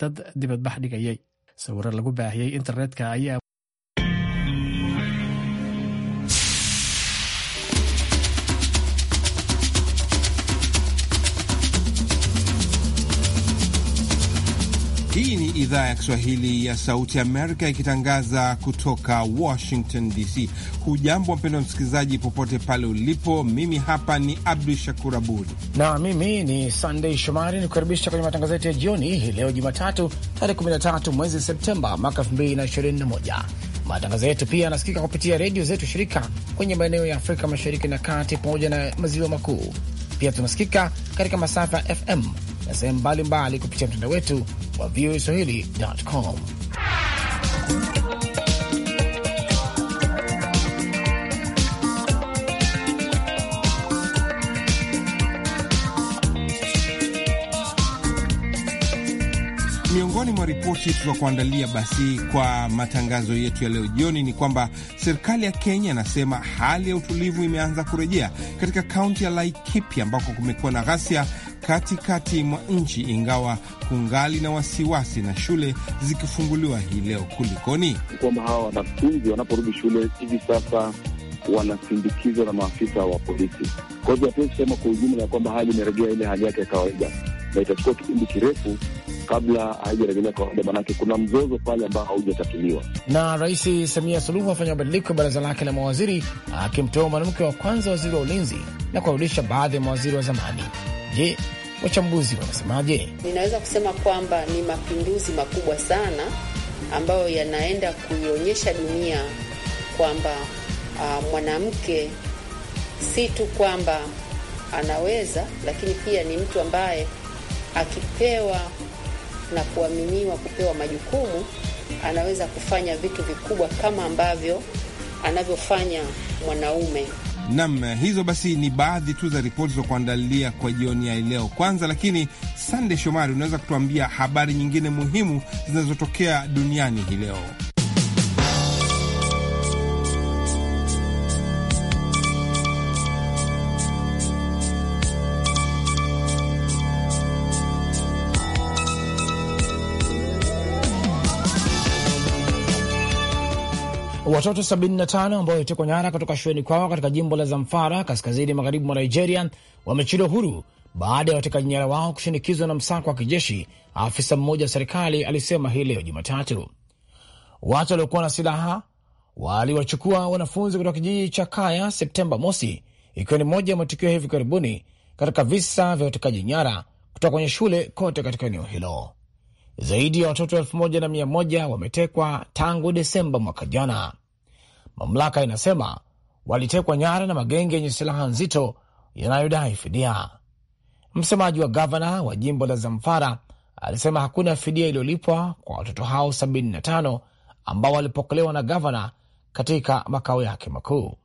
dad dibadbax dhigayay sawiro lagu baahiyey internetka ayaa Hii ni idhaa ya Kiswahili ya Sauti Amerika ikitangaza kutoka Washington DC. Hujambo mpendwa msikilizaji, popote pale ulipo. Mimi hapa ni Abdu Shakur Abud na mimi ni Sandei Shomari, ni kukaribisha kwenye matangazo yetu ya jioni hii leo Jumatatu tarehe 13 mwezi Septemba mwaka 2021. Matangazo yetu pia yanasikika kupitia redio zetu shirika kwenye maeneo ya Afrika Mashariki na Kati pamoja na Maziwa Makuu. Pia tunasikika katika masafa ya FM na sehemu mbalimbali kupitia mtandao wetu wa VOA Swahili.com. Miongoni mwa ripoti tunakuandalia basi kwa matangazo yetu ya leo jioni ni kwamba serikali ya Kenya inasema hali ya utulivu imeanza kurejea katika kaunti ya Laikipia ambako kumekuwa na ghasia katikati mwa nchi, ingawa kungali na wasiwasi na shule zikifunguliwa hii leo. Kulikoni kwamba hawa wanafunzi wanaporudi shule hivi sasa wanasindikizwa na maafisa wa polisi. Kwa hivyo hatuwezi kusema kwa ujumla ya kwamba hali imerejea ile hali yake ya kawaida, na itachukua kipindi kirefu kabla haijarejelea kawaida, manake kuna mzozo pale ambao haujatatuliwa. Na Rais Samia Suluhu afanya mabadiliko ya baraza lake la mawaziri, akimtoa mwanamke wa kwanza waziri wa ulinzi na kuwarudisha baadhi ya mawaziri wa zamani. Je, wachambuzi wanasemaje? Ninaweza kusema kwamba ni mapinduzi makubwa sana ambayo yanaenda kuionyesha dunia kwamba uh, mwanamke si tu kwamba anaweza, lakini pia ni mtu ambaye akipewa na kuaminiwa kupewa majukumu anaweza kufanya vitu vikubwa kama ambavyo anavyofanya mwanaume. Nam, hizo basi ni baadhi tu za ripoti za kuandalia kwa jioni ya leo kwanza. Lakini Sande Shomari, unaweza kutuambia habari nyingine muhimu zinazotokea duniani hii leo? Watoto 75 ambao walitekwa nyara kutoka shuleni kwao katika jimbo la Zamfara kaskazini magharibi mwa Nigeria wamechiliwa huru baada ya watekaji nyara wao kushinikizwa na msako wa kijeshi, afisa mmoja wa serikali alisema hii leo Jumatatu. Watu waliokuwa na silaha waliwachukua wanafunzi kutoka kijiji cha Kaya Septemba mosi, ikiwa ni moja ya matukio hivi karibuni katika visa vya utekaji nyara kutoka kwenye shule kote katika eneo hilo. Zaidi ya watoto elfu moja na mia moja wametekwa tangu Desemba mwaka jana. Mamlaka inasema walitekwa nyara na magenge yenye silaha nzito yanayodai fidia. Msemaji wa gavana wa jimbo la Zamfara alisema hakuna fidia iliyolipwa kwa watoto hao 75 ambao walipokelewa na gavana katika makao yake makuu.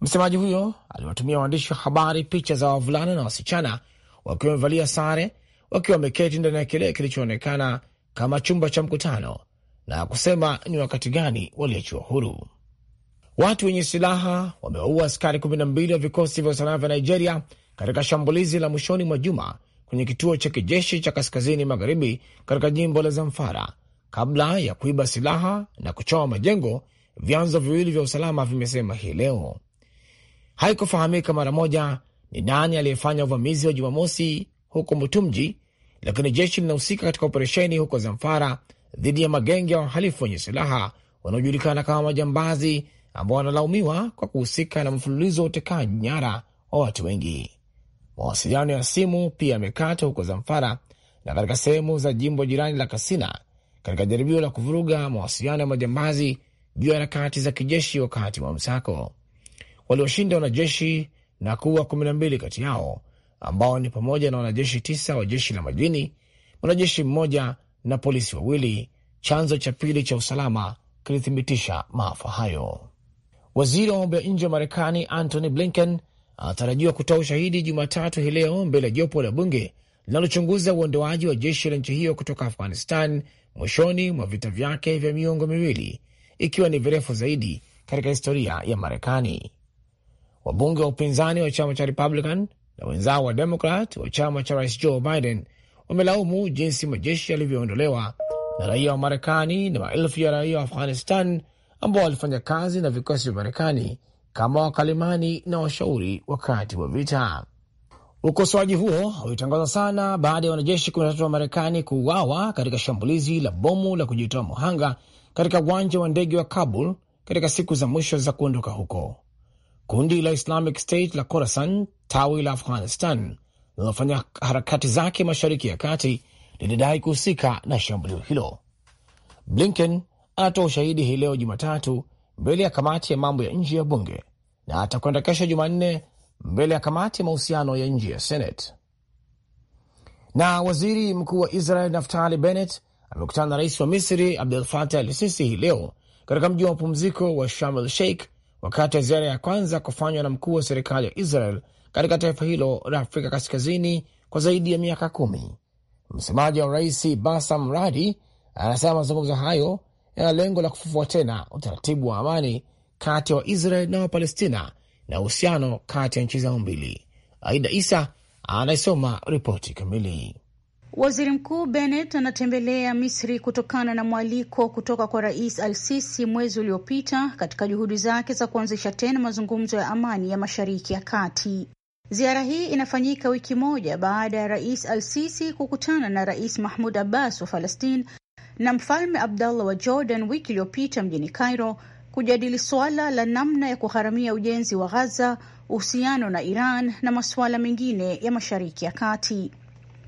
Msemaji huyo aliwatumia waandishi wa habari picha za wavulana na wasichana wakiwa wamevalia sare wakiwa wameketi ndani ya kile kilichoonekana kama chumba cha mkutano na kusema ni wakati gani waliachiwa huru. Watu wenye silaha wamewaua askari 12 wa vikosi vya usalama vya Nigeria katika shambulizi la mwishoni mwa juma kwenye kituo cha kijeshi cha kaskazini magharibi katika jimbo la Zamfara kabla ya kuiba silaha na kuchoma majengo, vyanzo viwili vya usalama vimesema hii leo. Haikufahamika mara moja ni nani aliyefanya uvamizi wa Jumamosi huko Mutumji, lakini jeshi linahusika katika operesheni huko Zamfara dhidi ya magenge ya wahalifu wenye silaha wanaojulikana kama majambazi ambao wanalaumiwa kwa kuhusika na mfululizo wa utekaji nyara wa watu wengi. Mawasiliano ya simu pia yamekata huko Zamfara na katika sehemu za jimbo jirani la Kasina katika jaribio la kuvuruga mawasiliano ya majambazi juu ya harakati za kijeshi wakati wa msako. Walioshinda wanajeshi na kuwa kumi na mbili kati yao ambao ni pamoja na wanajeshi tisa wa jeshi la majini, wanajeshi mmoja na polisi wawili. Chanzo cha pili cha usalama kilithibitisha maafa hayo. Waziri wa mambo ya nje wa Marekani Antony Blinken anatarajiwa kutoa ushahidi Jumatatu hii leo mbele ya jopo la bunge linalochunguza uondoaji wa jeshi la nchi hiyo kutoka Afghanistan mwishoni mwa vita vyake vya miongo miwili, ikiwa ni virefu zaidi katika historia ya Marekani. Wabunge wa upinzani wa chama cha Republican na wenzao wa Demokrat wa chama cha rais Joe Biden wamelaumu jinsi majeshi yalivyoondolewa na raia wa Marekani na maelfu ya raia wa Afghanistan ambao walifanya kazi na vikosi vya Marekani kama wakalimani na washauri wakati wa vita. Ukosoaji huo ulitangazwa sana baada ya wanajeshi 13 wa Marekani kuuawa katika shambulizi la bomu la kujitoa muhanga katika uwanja wa ndege wa Kabul katika siku za mwisho za kuondoka huko. Kundi la Islamic State la Khorasan, tawi la Afghanistan linalofanya harakati zake mashariki ya kati, lilidai kuhusika na shambulio hilo. Blinken anatoa ushahidi hii leo Jumatatu mbele ya kamati ya mambo ya nje ya bunge na atakwenda kesho Jumanne mbele ya kamati ya mahusiano ya nje ya Senate. Na waziri mkuu wa Israel Naftali Bennett amekutana na rais wa Misri Abdel Fattah Al Sisi hii leo katika mji wa mapumziko wa Sharm El Sheikh wakati wa ziara ya kwanza kufanywa na mkuu wa serikali ya Israel katika taifa hilo la Afrika kaskazini kwa zaidi ya miaka kumi. Msemaji wa rais Basam Radi anasema mazungumzo hayo yana lengo la kufufua tena utaratibu wa amani kati ya Waisrael na Wapalestina na uhusiano kati ya nchi zao mbili. Aida Isa anayesoma ripoti kamili. Waziri Mkuu Bennett anatembelea Misri kutokana na mwaliko kutoka kwa Rais Al-Sisi mwezi uliopita katika juhudi zake za kuanzisha tena mazungumzo ya amani ya Mashariki ya Kati. Ziara hii inafanyika wiki moja baada ya Rais Al-Sisi kukutana na Rais Mahmud Abbas wa Falastin na Mfalme Abdallah wa Jordan wiki iliyopita mjini Cairo kujadili suala la namna ya kugharamia ujenzi wa Ghaza, uhusiano na Iran na masuala mengine ya Mashariki ya Kati.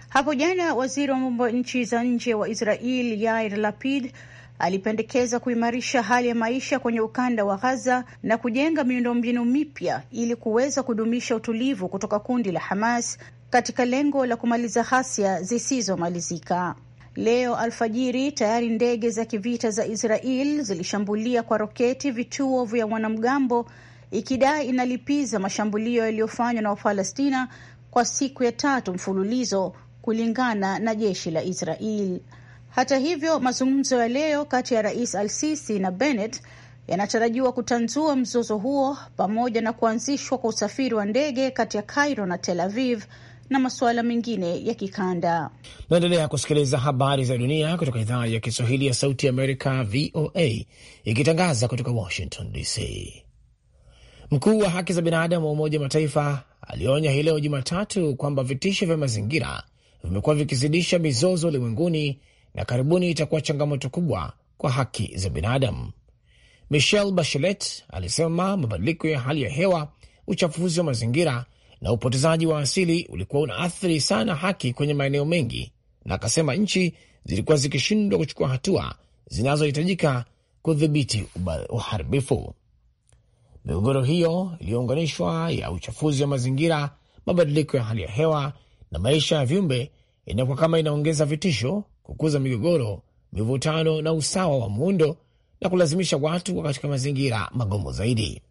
Hapo jana waziri wa mambo ya nchi za nje wa Israel Yair Lapid alipendekeza kuimarisha hali ya maisha kwenye ukanda wa Ghaza na kujenga miundombinu mipya ili kuweza kudumisha utulivu kutoka kundi la Hamas katika lengo la kumaliza ghasia zisizomalizika. Leo alfajiri tayari ndege za kivita za Israel zilishambulia kwa roketi vituo vya wanamgambo ikidai inalipiza mashambulio yaliyofanywa na Wapalestina kwa siku ya tatu mfululizo kulingana na jeshi la Israel. Hata hivyo, mazungumzo ya leo kati ya Rais Al-Sisi na Bennett yanatarajiwa kutanzua mzozo huo pamoja na kuanzishwa kwa usafiri wa ndege kati ya Cairo na Tel Aviv na masuala mengine ya kikanda. Naendelea kusikiliza habari za dunia kutoka idhaa ya Kiswahili ya Sauti ya Amerika, VOA, ikitangaza kutoka Washington DC. Mkuu wa haki za binadamu wa Umoja wa Mataifa alionya hii leo Jumatatu kwamba vitisho vya mazingira vimekuwa vikizidisha mizozo ulimwenguni na karibuni itakuwa changamoto kubwa kwa haki za binadamu. Michelle Bachelet alisema mabadiliko ya hali ya hewa, uchafuzi wa mazingira na upotezaji wa asili ulikuwa unaathiri sana haki kwenye maeneo mengi, na akasema nchi zilikuwa zikishindwa kuchukua hatua zinazohitajika kudhibiti uharibifu. Migogoro hiyo iliyounganishwa ya uchafuzi wa mazingira, mabadiliko ya hali ya hewa na maisha ya viumbe inakuwa kama inaongeza vitisho, kukuza migogoro, mivutano na usawa wa muundo na kulazimisha watu katika mazingira magumu zaidi.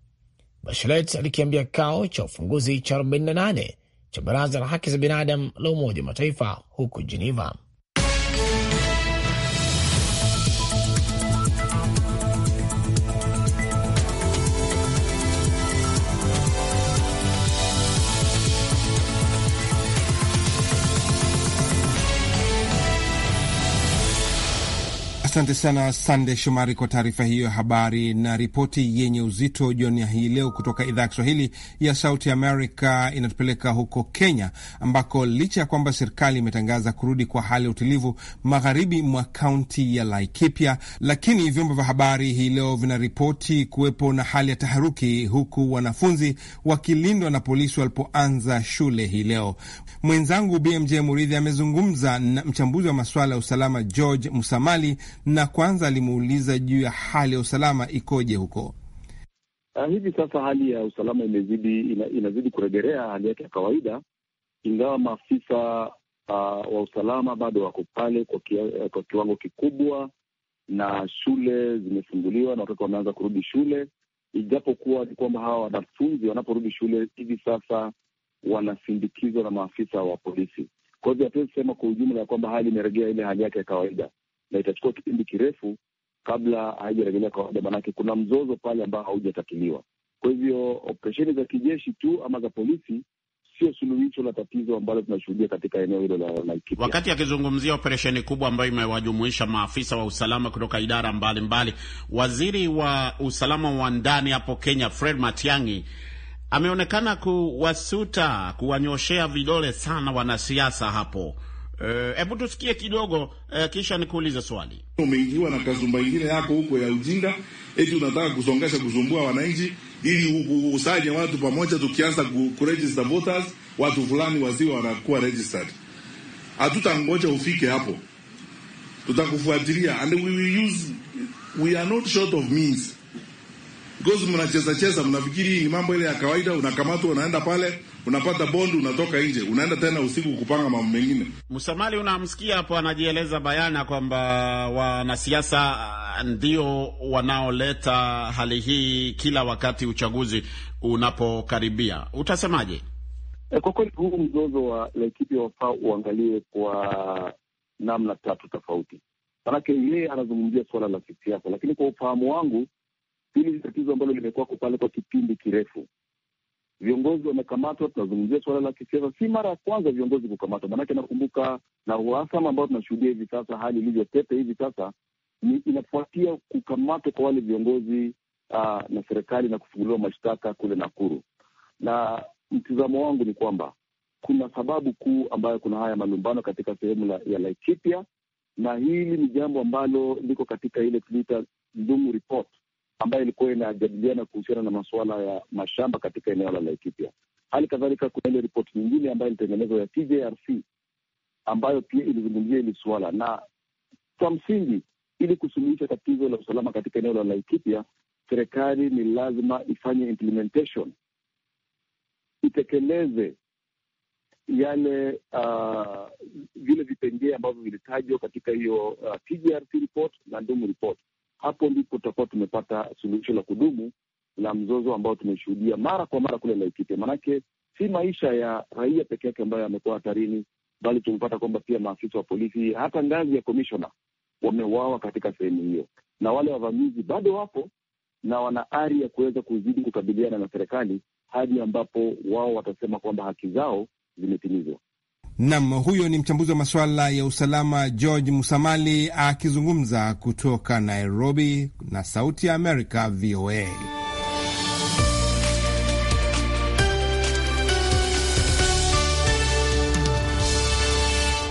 Bachelet alikiambia kikao cha ufunguzi cha 48 cha baraza la haki za binadamu la Umoja wa Mataifa huko Geneva. Asante sana Sande Shomari kwa taarifa hiyo ya habari na ripoti yenye uzito jioni ya hii leo kutoka idhaa ya Kiswahili ya Sauti Amerika. Inatupeleka huko Kenya, ambako licha ya kwamba serikali imetangaza kurudi kwa hali ya utulivu magharibi mwa kaunti ya Laikipia, lakini vyombo vya habari hii leo vinaripoti kuwepo na hali ya taharuki, huku wanafunzi wakilindwa na polisi walipoanza shule hii leo. Mwenzangu BMJ Muridhi amezungumza na mchambuzi wa masuala ya usalama George Musamali na kwanza alimuuliza juu ya hali ya usalama ikoje huko. Uh, hivi sasa hali ya usalama imezidi ina, inazidi kuregerea hali yake ya kawaida, ingawa maafisa uh, wa usalama bado wako pale kwa, kia, kwa kiwango kikubwa, na shule zimefunguliwa na watoto wameanza kurudi shule, ijapokuwa ni kwamba hawa wanafunzi wanaporudi shule hivi sasa wanasindikizwa na maafisa wa polisi. Kwa hivyo hatuwezi sema kwa ujumla ya kwamba hali imeregea ile hali yake ya kawaida na itachukua kipindi kirefu kabla haijarejelea kawaida, maanake kuna mzozo pale ambao haujatatuliwa. Kwa hivyo operesheni za kijeshi tu ama za polisi sio suluhisho la tatizo ambalo tunashuhudia katika eneo hilo la Laikipia. Wakati akizungumzia operesheni kubwa ambayo imewajumuisha maafisa wa usalama kutoka idara mbalimbali mbali, waziri wa usalama wa ndani hapo Kenya Fred Matiang'i ameonekana kuwasuta kuwanyoshea vidole sana wanasiasa hapo Eh, hebu uh, tusikie kidogo uh, kisha nikuulize swali. Umeingiwa na kazumba ingine yako huko ya ujinga, eti unataka kusongesha kuzumbua wananchi ili usanye watu pamoja, tukianza kuregister voters watu fulani wasiwe wanakuwa registered. Hatutangoja ufike hapo, tutakufuatilia and we will use, we are not short of means because mnacheza cheza, mnafikiri ni mambo ile ya kawaida, unakamatwa unaenda pale unapata bondi, unatoka nje, unaenda tena usiku kupanga mambo mengine. Msamali, unamsikia hapo, anajieleza bayana kwamba wanasiasa ah, ndio wanaoleta hali hii kila wakati uchaguzi unapokaribia. Utasemaje? Eh, kwa kweli huu mzozo wa Laikipia wafaa uangalie kwa namna tatu tofauti, manake yeye anazungumzia suala la kisiasa, lakini kwa ufahamu wangu hili ni tatizo ambalo limekuwako pale kwa kipindi kirefu viongozi wamekamatwa. Tunazungumzia suala la kisiasa, si mara ya kwanza viongozi kukamatwa, maanake nakumbuka na uhasama ambao tunashuhudia hivi sasa, hali ilivyotete hivi sasa ni inafuatia kukamatwa kwa wale viongozi aa, ah, na serikali na kufunguliwa mashtaka kule Nakuru. Na mtizamo wangu ni kwamba kuna sababu kuu ambayo kuna haya malumbano katika sehemu la, ya Laikipia, na hili ni jambo ambalo liko katika ile tuliita Ndumu report ambayo ilikuwa inajadiliana kuhusiana na masuala ya mashamba katika eneo la Laikipia. Hali kadhalika kuna ile ripoti nyingine ambayo ilitengenezwa ya TJRC ambayo pia ilizungumzia hili suala, na kwa msingi, ili kusuluhisha tatizo la usalama katika eneo la Laikipia, serikali ni lazima ifanye implementation, itekeleze yale uh, vile vipengee ambavyo vilitajwa katika hiyo uh, TJRC report na Ndumu report hapo ndipo tutakuwa tumepata suluhisho la kudumu la mzozo ambao tumeshuhudia mara kwa mara kule Laikipia, maanake si maisha ya raia peke yake ambayo yamekuwa hatarini, bali tumepata kwamba pia maafisa wa polisi hata ngazi ya komishona wameuawa katika sehemu hiyo, na wale wavamizi bado wapo na wana ari ya kuweza kuzidi kukabiliana na serikali hadi ambapo wao watasema kwamba haki zao zimetimizwa. Nam, huyo ni mchambuzi wa masuala ya usalama George Musamali akizungumza kutoka Nairobi na Sauti ya Amerika, VOA.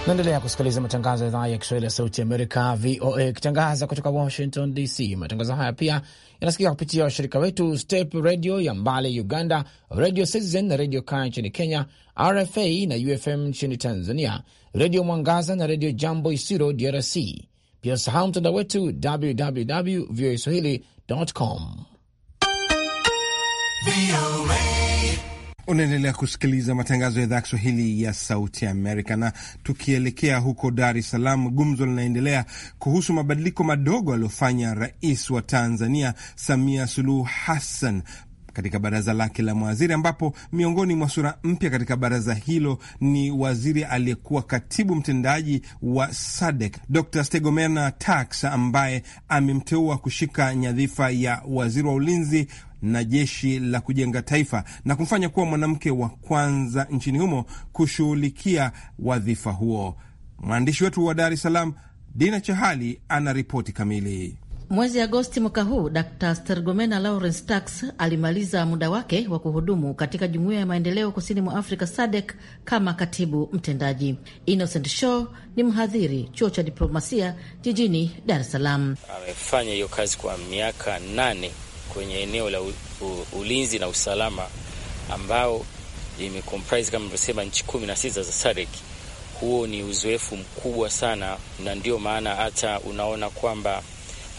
Naendelea kusikiliza matangazo ya idhaa ya Kiswahili ya Sauti Amerika, VOA, ikitangaza kutoka Washington DC. Matangazo haya pia yanasikika kupitia washirika wetu Step Radio ya Mbale Uganda, Radio Citizen na Radio Kaya nchini Kenya, RFA na UFM nchini Tanzania, Redio Mwangaza na Redio Jambo Isiro DRC. Pia usahau mtandao wetu www voa swahili com. Unaendelea kusikiliza matangazo ya idhaa ya Kiswahili ya Sauti ya Amerika. Na tukielekea huko Dar es Salaam, gumzo linaendelea kuhusu mabadiliko madogo aliyofanya rais wa Tanzania Samia Suluhu Hassan katika baraza lake la mawaziri ambapo miongoni mwa sura mpya katika baraza hilo ni waziri aliyekuwa katibu mtendaji wa SADC Dr. Stegomena Tax ambaye amemteua kushika nyadhifa ya waziri wa ulinzi na jeshi la kujenga taifa na kumfanya kuwa mwanamke wa kwanza nchini humo kushughulikia wadhifa huo. Mwandishi wetu wa Dar es Salaam, Dina Chahali, ana ripoti kamili. Mwezi Agosti mwaka huu Dr Stergomena Lawrence Tax alimaliza muda wake wa kuhudumu katika Jumuiya ya Maendeleo Kusini mwa Afrika SADC kama katibu mtendaji. Innocent Show ni mhadhiri chuo cha diplomasia jijini Dar es Salaam. Amefanya hiyo kazi kwa miaka nane kwenye eneo la u, u, ulinzi na usalama ambao imecomprise kama nilivyosema nchi kumi na sita za SADC. Huo ni uzoefu mkubwa sana, na ndio maana hata unaona kwamba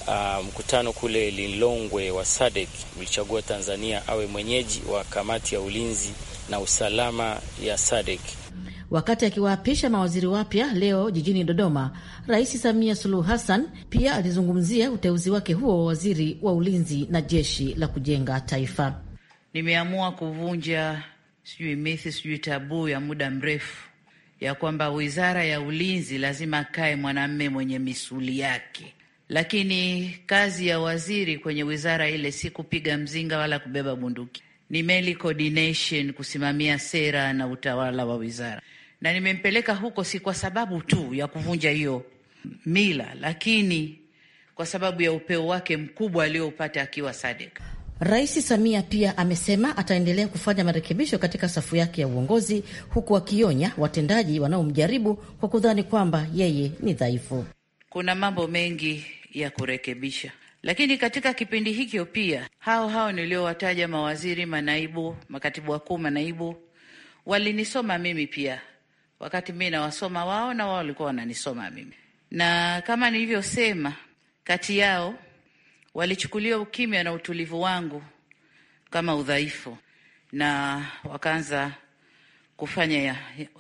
uh, mkutano kule Lilongwe wa SADC ulichagua Tanzania awe mwenyeji wa kamati ya ulinzi na usalama ya SADC. Wakati akiwaapisha mawaziri wapya leo jijini Dodoma, Rais Samia Suluhu Hassan pia alizungumzia uteuzi wake huo wa waziri wa ulinzi na jeshi la kujenga taifa. Nimeamua kuvunja sijui mithi sijui tabuu ya muda mrefu ya kwamba wizara ya ulinzi lazima akae mwanamme mwenye misuli yake, lakini kazi ya waziri kwenye wizara ile si kupiga mzinga wala kubeba bunduki, ni meli coordination, kusimamia sera na utawala wa wizara na nimempeleka huko si kwa sababu tu ya kuvunja hiyo mila, lakini kwa sababu ya upeo wake mkubwa aliyoupata akiwa Sadek. Rais Samia pia amesema ataendelea kufanya marekebisho katika safu yake ya uongozi, huku akionya watendaji wanaomjaribu kwa kudhani kwamba yeye ni dhaifu. Kuna mambo mengi ya kurekebisha, lakini katika kipindi hicho pia hao hao niliowataja mawaziri, manaibu, makatibu wakuu, manaibu walinisoma mimi pia wakati mi nawasoma wao na wao walikuwa wananisoma mimi. Na kama nilivyosema, kati yao walichukulia ukimya na utulivu wangu kama udhaifu, na wakaanza kufanya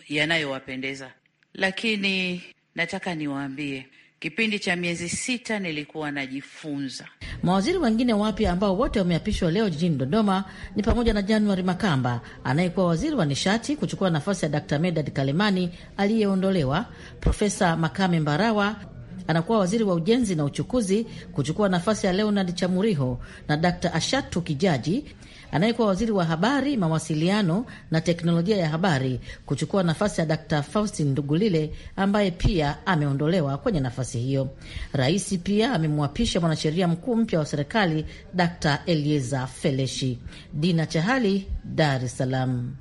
yanayowapendeza ya, lakini nataka niwaambie Kipindi cha miezi sita nilikuwa najifunza. Mawaziri wengine wapya ambao wote wameapishwa leo jijini Dodoma ni pamoja na Januari Makamba anayekuwa waziri wa nishati kuchukua nafasi ya Dkt. Medad Kalemani aliyeondolewa. Profesa Makame Mbarawa anakuwa waziri wa ujenzi na uchukuzi kuchukua nafasi ya Leonard Chamuriho na Dkt. Ashatu Kijaji anayekuwa waziri wa habari, mawasiliano na teknolojia ya habari kuchukua nafasi ya Dkt. Faustin Ndugulile ambaye pia ameondolewa kwenye nafasi hiyo. Rais pia amemwapisha mwanasheria mkuu mpya wa serikali Dkt. Elieza Feleshi. Dina Chahali, Dar es Salaam.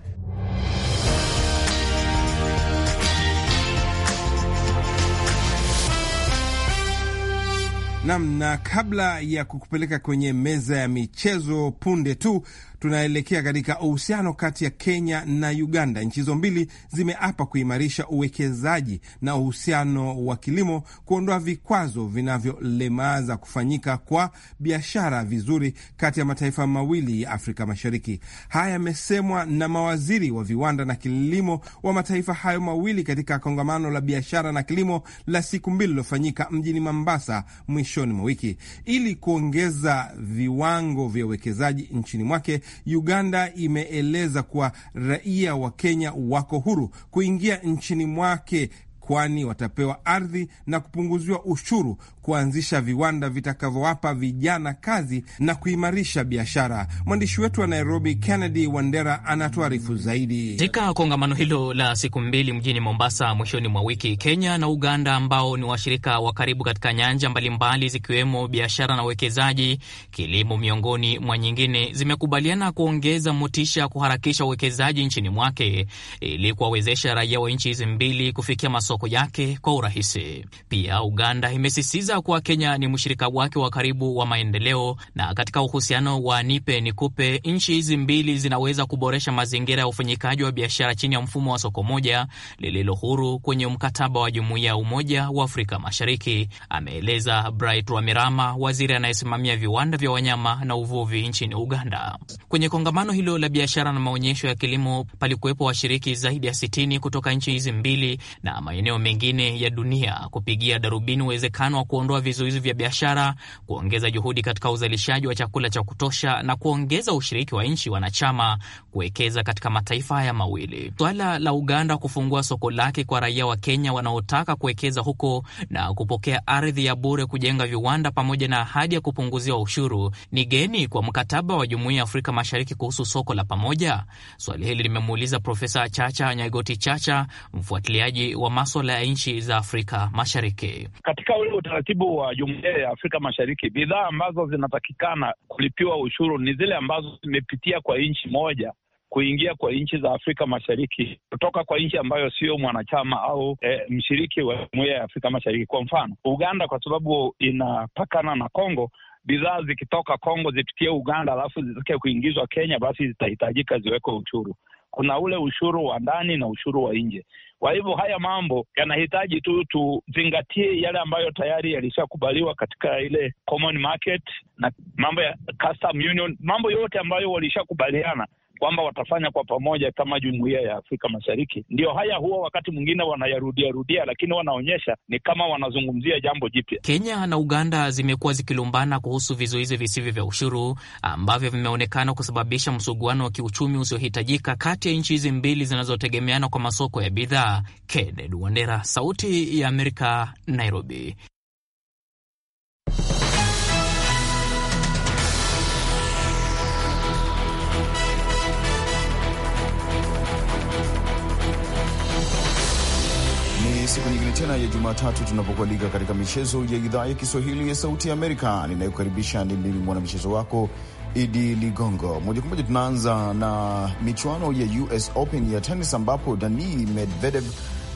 Nam, na kabla ya kukupeleka kwenye meza ya michezo punde tu tunaelekea katika uhusiano kati ya Kenya na Uganda. Nchi hizo mbili zimeapa kuimarisha uwekezaji na uhusiano wa kilimo, kuondoa vikwazo vinavyolemaza kufanyika kwa biashara vizuri kati ya mataifa mawili ya Afrika Mashariki. Haya yamesemwa na mawaziri wa viwanda na kilimo wa mataifa hayo mawili katika kongamano la biashara na kilimo la siku mbili lilofanyika mjini Mombasa mwishoni mwa wiki ili kuongeza viwango vya uwekezaji nchini mwake. Uganda imeeleza kuwa raia wa Kenya wako huru kuingia nchini mwake kwani watapewa ardhi na kupunguziwa ushuru kuanzisha viwanda vitakavyowapa vijana kazi na kuimarisha biashara. Mwandishi wetu wa Nairobi, Kennedy Wandera, anatuarifu zaidi. Katika kongamano hilo la siku mbili mjini Mombasa mwishoni mwa wiki, Kenya na Uganda ambao ni washirika wa karibu katika nyanja mbalimbali zikiwemo biashara na uwekezaji, kilimo, miongoni mwa nyingine, zimekubaliana kuongeza motisha kuharakisha uwekezaji nchini mwake ili kuwawezesha raia wa nchi hizi mbili kufikia maso masoko yake kwa urahisi. Pia Uganda imesisitiza kuwa Kenya ni mshirika wake wa karibu wa maendeleo, na katika uhusiano wa nipe nikupe, nchi hizi mbili zinaweza kuboresha mazingira ya ufanyikaji wa biashara chini ya mfumo wa soko moja lililo huru kwenye mkataba wa Jumuiya ya Umoja wa Afrika Mashariki, ameeleza Bright wamirama waziri anayesimamia viwanda vya wanyama na uvuvi nchini Uganda. Kwenye kongamano hilo la biashara na maonyesho ya kilimo, palikuwepo washiriki zaidi ya 60 kutoka nchi hizi mbili na maeneo maeneo mengine ya dunia kupigia darubini uwezekano wa kuondoa vizuizi vya biashara, kuongeza juhudi katika uzalishaji wa chakula cha kutosha na kuongeza ushiriki wa nchi wanachama kuwekeza katika mataifa haya mawili. Swala la Uganda kufungua soko lake kwa raia wa Kenya wanaotaka kuwekeza huko na kupokea ardhi ya bure kujenga viwanda pamoja na ahadi ya kupunguziwa ushuru ni geni kwa mkataba wa Jumuiya ya Afrika Mashariki kuhusu soko la pamoja. Swali hili limemuuliza Profesa Chacha Nyagoti Chacha, mfuatiliaji wa maso maswala ya nchi za Afrika Mashariki. Katika ule utaratibu wa Jumuiya ya Afrika Mashariki, bidhaa ambazo zinatakikana kulipiwa ushuru ni zile ambazo zimepitia kwa nchi moja kuingia kwa nchi za Afrika Mashariki kutoka kwa nchi ambayo sio mwanachama au e, mshiriki wa Jumuiya ya Afrika Mashariki. Kwa mfano, Uganda kwa sababu inapakana na Kongo, bidhaa zikitoka Kongo zipitie Uganda alafu zitake kuingizwa Kenya, basi zitahitajika ziwekwe ushuru. Kuna ule ushuru wa ndani na ushuru wa nje. Kwa hivyo haya mambo yanahitaji tu tuzingatie yale ambayo tayari yalishakubaliwa katika ile common market na mambo ya custom union, mambo yote ambayo walishakubaliana kwamba watafanya kwa pamoja kama jumuiya ya Afrika Mashariki. Ndio haya huwa wakati mwingine wanayarudia rudia, lakini wanaonyesha ni kama wanazungumzia jambo jipya. Kenya na Uganda zimekuwa zikilumbana kuhusu vizuizi visivyo vya ushuru ambavyo vimeonekana kusababisha msuguano wa kiuchumi usiohitajika kati ya nchi hizi mbili zinazotegemeana kwa masoko ya bidhaa. Kennedy Wandera, Sauti ya Amerika, Nairobi. ni siku nyingine tena ya Jumatatu tunapokualika katika michezo ya idhaa ya Kiswahili ya Sauti ya Amerika. Ninayokaribisha ni mimi mwanamchezo wako Idi Ligongo. Moja kwa moja tunaanza na michuano ya US Open ya tenis ambapo Dani Medvedev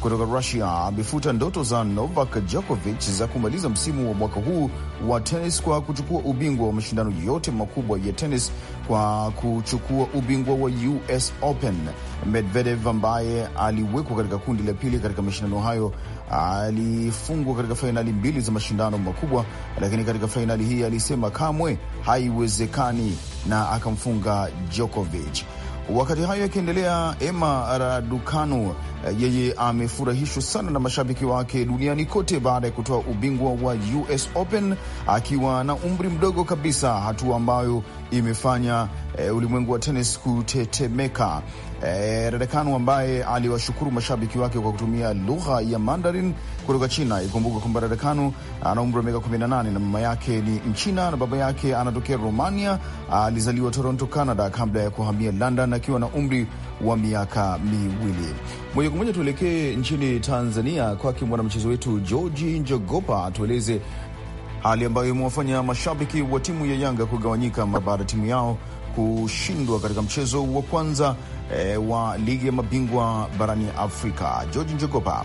kutoka Rusia amefuta ndoto za Novak Djokovic za kumaliza msimu wa mwaka huu wa tenis kwa kuchukua ubingwa wa mashindano yote makubwa ya tenis kwa kuchukua ubingwa wa US Open. Medvedev ambaye aliwekwa katika kundi la pili katika mashindano hayo alifungwa katika fainali mbili za mashindano makubwa, lakini katika fainali hii alisema kamwe haiwezekani na akamfunga Djokovic. Wakati hayo yakiendelea, Emma Raducanu Eh, yeye amefurahishwa sana na mashabiki wake duniani kote baada ya kutoa ubingwa wa US Open akiwa na umri mdogo kabisa, hatua ambayo imefanya e, ulimwengu wa tenis kutetemeka. E, eh, Redekanu ambaye aliwashukuru mashabiki wake kwa kutumia lugha ya Mandarin kutoka China. Ikumbuka kwamba Redekanu ana umri wa miaka 18 na mama yake ni Mchina na baba yake anatokea Romania. Alizaliwa Toronto, Canada kabla ya kuhamia London akiwa na umri wa miaka miwili. Moja kwa moja tuelekee nchini Tanzania kwake mwanamchezo wetu Georgi Njogopa atueleze hali ambayo imewafanya mashabiki wa timu ya Yanga kugawanyika mara baada ya timu yao kushindwa katika mchezo wa kwanza e, wa ligi ya mabingwa barani Afrika. George Njogopa.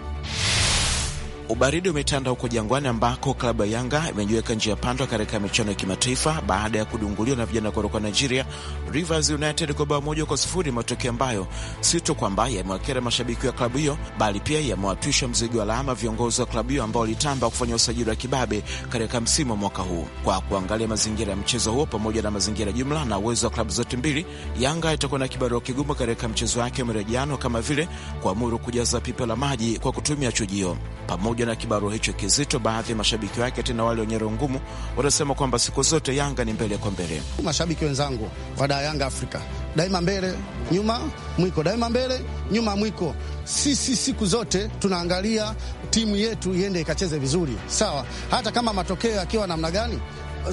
Ubaridi umetanda huko Jangwani ambako klabu ya Yanga imejiweka njia ya pandwa katika michuano ya kimataifa baada ya kudunguliwa na vijana kutoka Nigeria, Rivers United kwa bao moja kwa sifuri, matokeo ambayo si tu kwamba yamewakera mashabiki wa klabu hiyo bali pia yamewatwisha mzigo wa lawama viongozi wa klabu hiyo ambao walitamba kufanya usajili wa kibabe katika msimu wa mwaka huu. Kwa kuangalia mazingira ya mchezo huo pamoja na mazingira jumla na uwezo wa klabu zote mbili, Yanga itakuwa na kibarua kigumu katika mchezo wake mrejano, kama vile kuamuru kujaza pipa la maji kwa kutumia chujio pamoja pamoja na kibarua hicho kizito, baadhi ya mashabiki wake, tena wale wenye roho ngumu, wanasema kwamba siku zote Yanga ni mbele kwa mbele. Mashabiki wenzangu da Yanga Afrika daima mbele, nyuma mwiko, daima mbele, nyuma mwiko. Sisi siku zote tunaangalia timu yetu iende ikacheze vizuri, sawa, hata kama matokeo yakiwa namna gani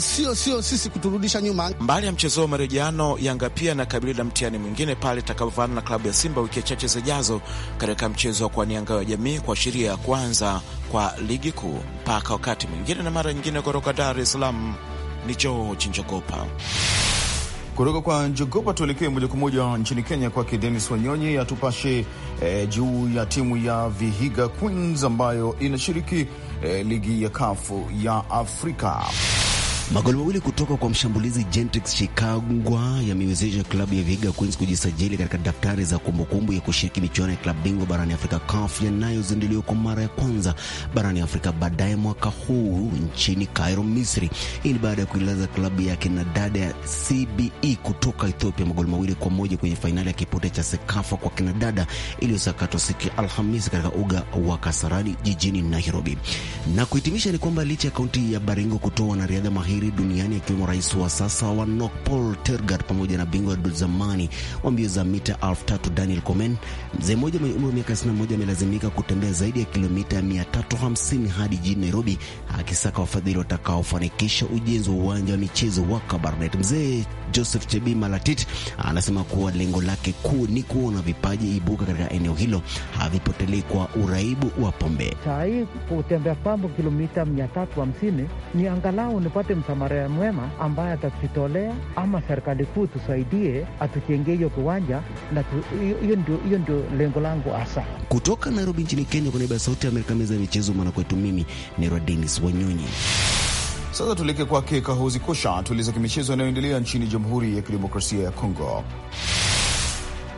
sio sio sisi kuturudisha nyuma. Mbali ya mchezo wa marejano, Yanga pia nakabili na mtihani mwingine pale itakapovana na klabu ya Simba wiki chache zijazo katika mchezo wa kuwania ngao ya jamii kwa sheria ya kwanza kwa ligi kuu. Mpaka wakati mwingine na mara nyingine, kutoka Dar es Salaam ni George Njogopa. Kutoka kwa Njogopa tuelekee moja kwa moja nchini Kenya, kwake Denis Wanyonyi atupashe eh, juu ya timu ya Vihiga Queens ambayo inashiriki eh, ligi ya kafu ya Afrika. Magoli mawili kutoka kwa mshambulizi Gentrix Shikangwa yamewezesha klabu ya Vihiga Queens kujisajili katika daftari za kumbukumbu kumbu ya kushiriki michuano ya klabu bingwa barani Afrika CAF yanayozinduliwa kwa mara ya kwanza barani Afrika baadaye mwaka huu nchini Cairo, Misri. Hii ni baada ya kuilaza klabu ya kina dada ya CBE kutoka Ethiopia magoli mawili kwa moja kwenye fainali ya kipote cha Sekafa kwa kina dada iliyosakatwa siku ya Alhamisi katika uga wa Kasarani jijini Nairobi. Na kuhitimisha ni kwamba licha ya kaunti ya Baringo kutoa wanariadha mahiri mahiri duniani akiwemo rais wa sasa wa Nok Paul Tergat pamoja na bingwa wa zamani wa mbio za mita elfu tatu Daniel Komen. Mzee mmoja mwenye umri wa miaka 61 amelazimika kutembea zaidi ya kilomita 350 hadi jijini Nairobi akisaka wafadhili watakaofanikisha ujenzi wa uwanja wa michezo wa Kabarnet. Mzee Joseph Chebi Malatit anasema kuwa lengo lake kuu ni kuona vipaji ibuka katika eneo hilo havipotelei kwa uraibu wa pombe. Saa hii kutembea pambo kilomita 350 ni angalau nipate msamaria mwema ambaye atatutolea ama serikali kuu tusaidie, atujengee hiyo kiwanja, na hiyo ndio lengo langu hasa. Kutoka Nairobi nchini Kenya, kwa niaba ya Sauti ya Amerika, meza ya michezo mwanakwetu, mimi naitwa Denis Wanyonyi. Sasa tuelekee kwake Kahozi Kosha tueleza kimichezo yanayoendelea nchini Jamhuri ya Kidemokrasia ya Kongo.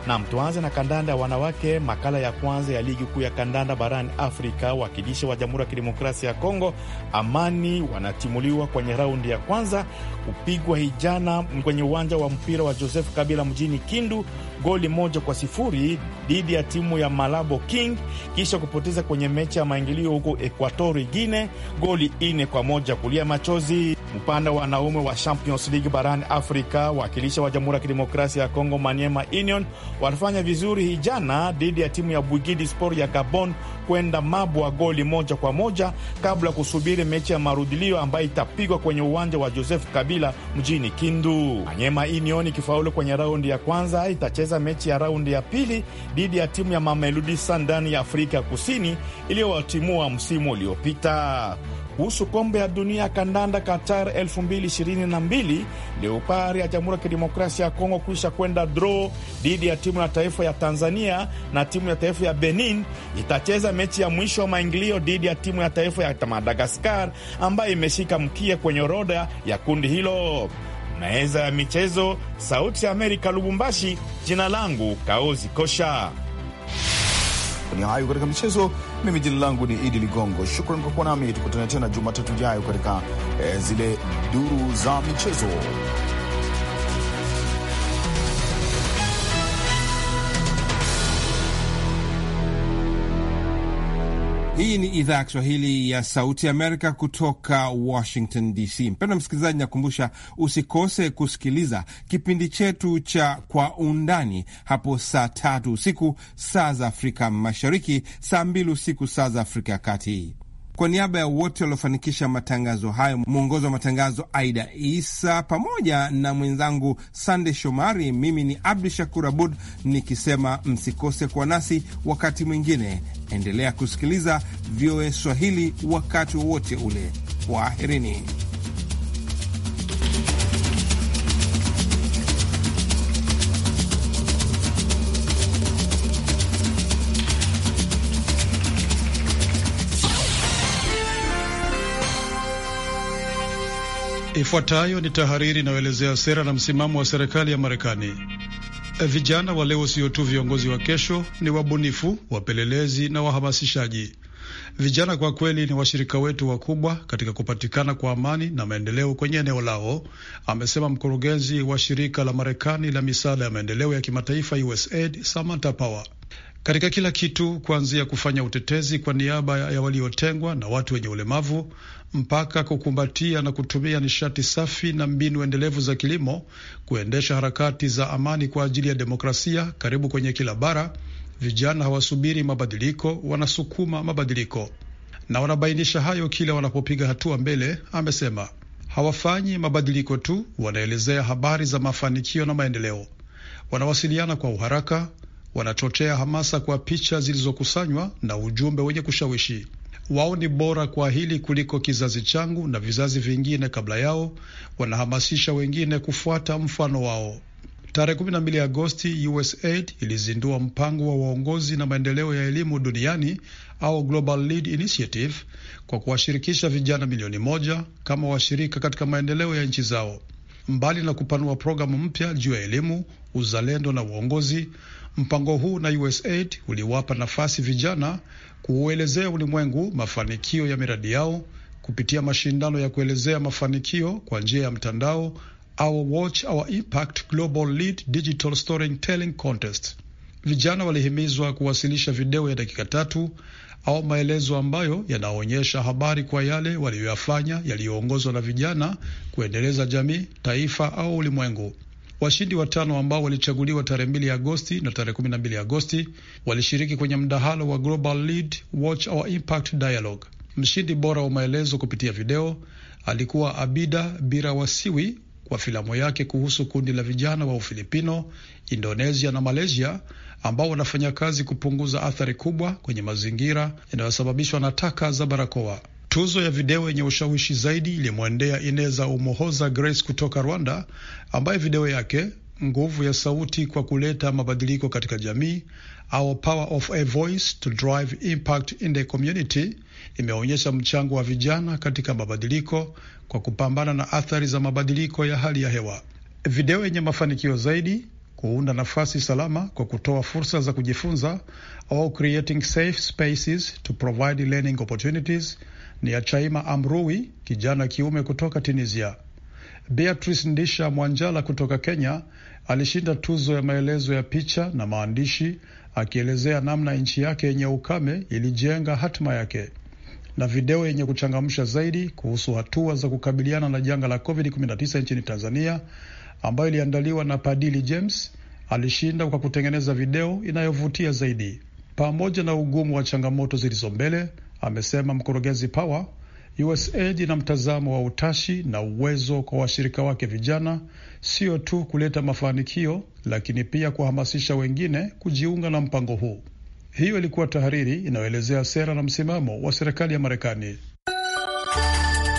Nam, tuanze na kandanda ya wanawake, makala ya kwanza ya ligi kuu ya kandanda barani Afrika. Wakilishi wa Jamhuri ya Kidemokrasia ya Kongo Amani wanatimuliwa kwenye raundi ya kwanza kupigwa hijana kwenye uwanja wa mpira wa Joseph Kabila mjini Kindu goli moja kwa sifuri dhidi ya timu ya Malabo King kisha kupoteza kwenye mechi ya maingilio huko ekuatori Guine goli ine kwa moja. Kulia machozi upande wa wanaume wa Champions League barani Afrika, wakilisha wa Jamhuri ya Kidemokrasia ya Kongo Maniema Union walifanya vizuri hijana dhidi ya timu ya Bwigidi Sport ya Gabon kwenda mabwa goli moja kwa moja kabla ya kusubiri mechi ya marudilio ambayo itapigwa kwenye uwanja wa Joseph Kabila mjini Kindu. Maniema Union ikifaulu kwenye raundi ya kwanza itacheza kucheza mechi ya raundi ya pili dhidi ya timu ya Mamelodi Sundowns ya Afrika Kusini iliyowatimua msimu uliopita. Kuhusu kombe ya dunia ya kandanda Qatar 2022 Leopari ya Jamhuri ya Kidemokrasia ya Kongo kuisha kwenda draw dhidi ya timu ya taifa ya Tanzania na timu ya taifa ya Benin itacheza mechi ya mwisho wa maingilio dhidi ya timu ya taifa ya Madagaskar ambayo imeshika mkia kwenye orodha ya kundi hilo meza ya michezo, Sauti ya Amerika, Lubumbashi. Jina langu Kaozi Kosha. Ni hayo katika michezo. Mimi jina langu ni Idi Ligongo, shukran kwa kuwa nami. Tukutane tena Jumatatu ijayo katika eh, zile duru za michezo. Hii ni idhaa ya Kiswahili ya Sauti Amerika kutoka Washington DC. Mpendwa msikilizaji, nakumbusha usikose kusikiliza kipindi chetu cha Kwa Undani hapo saa tatu usiku saa za Afrika Mashariki, saa mbili usiku saa za Afrika ya Kati. Kwa niaba ya wote waliofanikisha matangazo hayo, mwongozo wa matangazo Aida Isa pamoja na mwenzangu Sande Shomari, mimi ni Abdu Shakur Abud nikisema msikose kuwa nasi wakati mwingine. Endelea kusikiliza VOA Swahili wakati wowote ule. Kwaherini. Ifuatayo ni tahariri inayoelezea sera na msimamo wa serikali ya Marekani. Vijana wa leo sio tu viongozi wa kesho, ni wabunifu, wapelelezi na wahamasishaji. Vijana kwa kweli ni washirika wetu wakubwa katika kupatikana kwa amani na maendeleo kwenye eneo lao, amesema mkurugenzi wa shirika la Marekani la misaada ya maendeleo ya kimataifa USAID Samantha Power katika kila kitu, kuanzia kufanya utetezi kwa niaba ya waliotengwa na watu wenye ulemavu mpaka kukumbatia na kutumia nishati safi na mbinu endelevu za kilimo, kuendesha harakati za amani kwa ajili ya demokrasia. Karibu kwenye kila bara, vijana hawasubiri mabadiliko, wanasukuma mabadiliko na wanabainisha hayo kila wanapopiga hatua mbele, amesema. Hawafanyi mabadiliko tu, wanaelezea habari za mafanikio na maendeleo, wanawasiliana kwa uharaka wanachochea hamasa kwa picha zilizokusanywa na ujumbe wenye kushawishi. Wao ni bora kwa hili kuliko kizazi changu na vizazi vingine kabla yao. Wanahamasisha wengine kufuata mfano wao. Tarehe 12 Agosti, USAID ilizindua mpango wa waongozi na maendeleo ya elimu duniani au Global Lead Initiative kwa kuwashirikisha vijana milioni moja kama washirika katika maendeleo ya nchi zao. Mbali na kupanua programu mpya juu ya elimu, uzalendo na uongozi, Mpango huu na USAID uliwapa nafasi vijana kuuelezea ulimwengu mafanikio ya miradi yao kupitia mashindano ya kuelezea mafanikio kwa njia ya mtandao au Watch Our Impact Global Lead Digital Storytelling Contest. Vijana walihimizwa kuwasilisha video ya dakika tatu au maelezo ambayo yanaonyesha habari kwa yale waliyoyafanya yaliyoongozwa na vijana kuendeleza jamii, taifa au ulimwengu. Washindi watano ambao walichaguliwa tarehe mbili Agosti na tarehe kumi na mbili Agosti walishiriki kwenye mdahalo wa Global Lead Watch Our Impact Dialogue. Mshindi bora wa maelezo kupitia video alikuwa Abida Birawasiwi kwa filamu yake kuhusu kundi la vijana wa Ufilipino, Indonesia na Malaysia ambao wanafanya kazi kupunguza athari kubwa kwenye mazingira yanayosababishwa na taka za barakoa. Tuzo ya video yenye ushawishi zaidi ilimwendea Ineza umohoza Grace kutoka Rwanda, ambaye video yake nguvu ya sauti kwa kuleta mabadiliko katika jamii au power of a voice to drive impact in the community imeonyesha mchango wa vijana katika mabadiliko kwa kupambana na athari za mabadiliko ya hali ya hewa. Video yenye mafanikio zaidi kuunda nafasi salama kwa kutoa fursa za kujifunza au creating safe spaces to provide learning opportunities ni ya Chaima Amrui, kijana kiume kutoka Tunisia. Beatrice Ndisha Mwanjala kutoka Kenya alishinda tuzo ya maelezo ya picha na maandishi akielezea namna nchi yake yenye ukame ilijenga hatima yake na video yenye kuchangamsha zaidi kuhusu hatua za kukabiliana na janga la COVID-19 nchini Tanzania ambayo iliandaliwa na Padili James alishinda kwa kutengeneza video inayovutia zaidi. Pamoja na ugumu wa changamoto zilizo mbele, amesema mkurugenzi Power. USAID ina mtazamo wa utashi na uwezo kwa washirika wake vijana, sio tu kuleta mafanikio, lakini pia kuhamasisha wengine kujiunga na mpango huu. Hiyo ilikuwa tahariri inayoelezea sera na msimamo wa serikali ya Marekani.